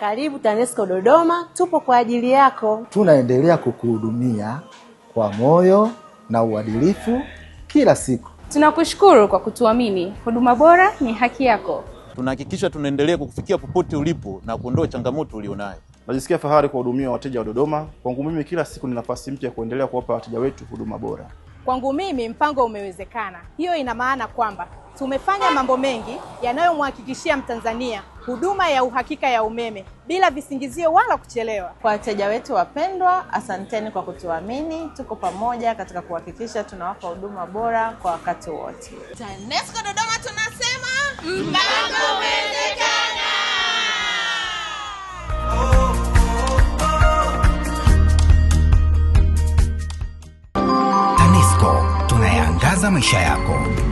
Karibu TANESCO Dodoma, tupo kwa ajili yako. Tunaendelea kukuhudumia kwa moyo na uadilifu kila siku. Tunakushukuru kwa kutuamini. Huduma bora ni haki yako. Tunahakikisha tunaendelea kukufikia popote ulipo na kuondoa changamoto ulionayo. Najisikia fahari kuwahudumia wateja wa Dodoma. Kwangu mimi, kila siku ni nafasi mpya ya kuendelea kuwapa wateja wetu huduma bora. Kwangu mimi mpango umewezekana. Hiyo ina maana kwamba tumefanya mambo mengi yanayomhakikishia Mtanzania huduma ya uhakika ya umeme bila visingizio wala kuchelewa. Kwa wateja wetu wapendwa, asanteni kwa kutuamini. Tuko pamoja katika kuhakikisha tunawapa huduma bora kwa wakati wote. TANESCO Dodoma tunasema mba kujaza maisha yako.